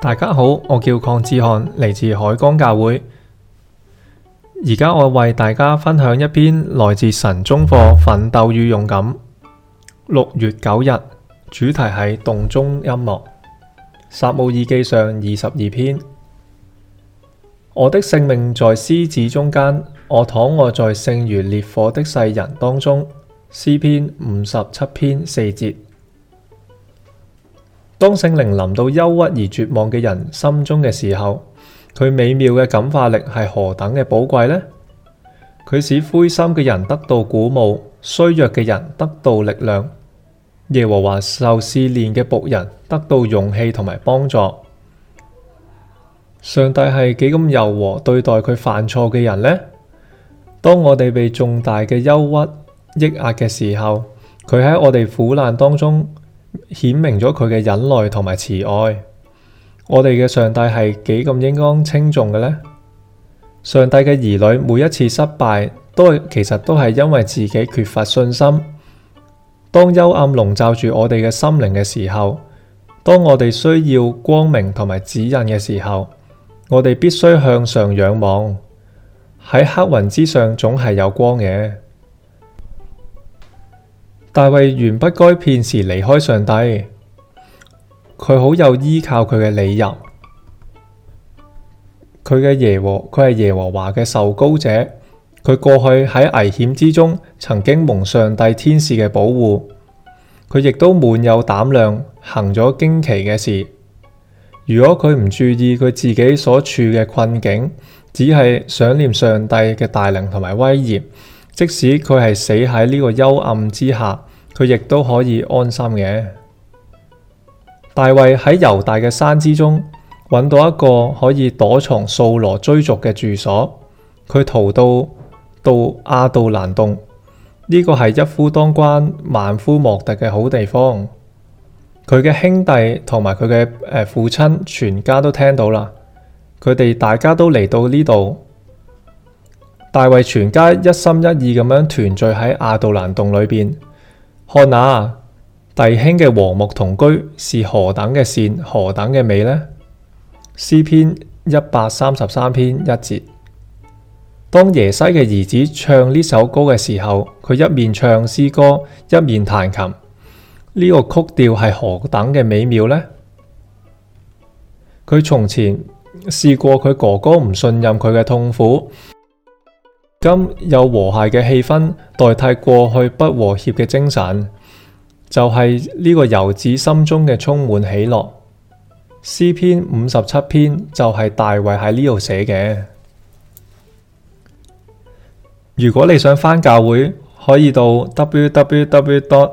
大家好，我叫鄺志瀚，嚟自海光教會。而家我為大家分享一篇來自神中課《奮鬥與勇敢》，六月九日，主題係洞中音樂。撒母耳記上二十二篇。我的性命在獅子中間，我躺臥在性如烈火的世人當中。詩篇五十七篇四節。當聖靈臨到憂鬱而絕望嘅人心中嘅時候，佢美妙嘅感化力係何等嘅寶貴呢？佢使灰心嘅人得到鼓舞，衰弱嘅人得到力量，耶和華受試煉嘅僕人得到勇氣同埋幫助。上帝係幾咁柔和對待佢犯錯嘅人呢？當我哋被重大嘅憂鬱、抑壓嘅時候，佢喺我哋苦難當中顯明咗佢嘅忍耐同埋慈愛。我哋嘅上帝係幾咁應當稱重嘅呢？上帝嘅兒女每一次失敗都係其實都係因為自己缺乏信心。當幽暗籠罩住我哋嘅心靈嘅時候，當我哋需要光明同埋指引嘅時候，我哋必須向上仰望，喺黑雲之上總係有光嘅。大衛原不該片時離開上帝，佢好有依靠佢嘅理由。佢嘅耶和，佢係耶和華嘅受膏者，佢過去喺危險之中，曾經蒙上帝天使嘅保護。佢亦都滿有膽量，行咗驚奇嘅事。如果佢唔注意佢自己所處嘅困境，只係想念上帝嘅大能同埋威嚴，即使佢係死喺呢個幽暗之下，佢亦都可以安心嘅。 大衛喺猶大嘅山之中，揾到一個可以躲藏掃羅追逐嘅住所。佢逃到到亞杜蘭洞，呢、這個係一夫當關、萬夫莫敵嘅好地方。佢嘅兄弟同埋佢嘅誒父親，全家都聽到啦。佢哋大家都嚟到呢度，大衛全家一心一意咁樣團聚喺亞杜蘭洞裏邊。看哪弟兄嘅和睦同居，是何等嘅善，何等嘅美呢？詩篇一百三十三篇一節。當耶西嘅兒子唱呢首歌嘅時候，佢一面唱詩歌，一面彈琴。呢個曲調係何等嘅美妙呢？佢從前試過佢哥哥唔信任佢嘅痛苦，今有和諧嘅氣氛代替過去不和諧嘅精神，就係呢個游子心中嘅充滿喜樂。詩篇五十七篇就係大衛喺呢度寫嘅。如果你想返教會，可以到 www dot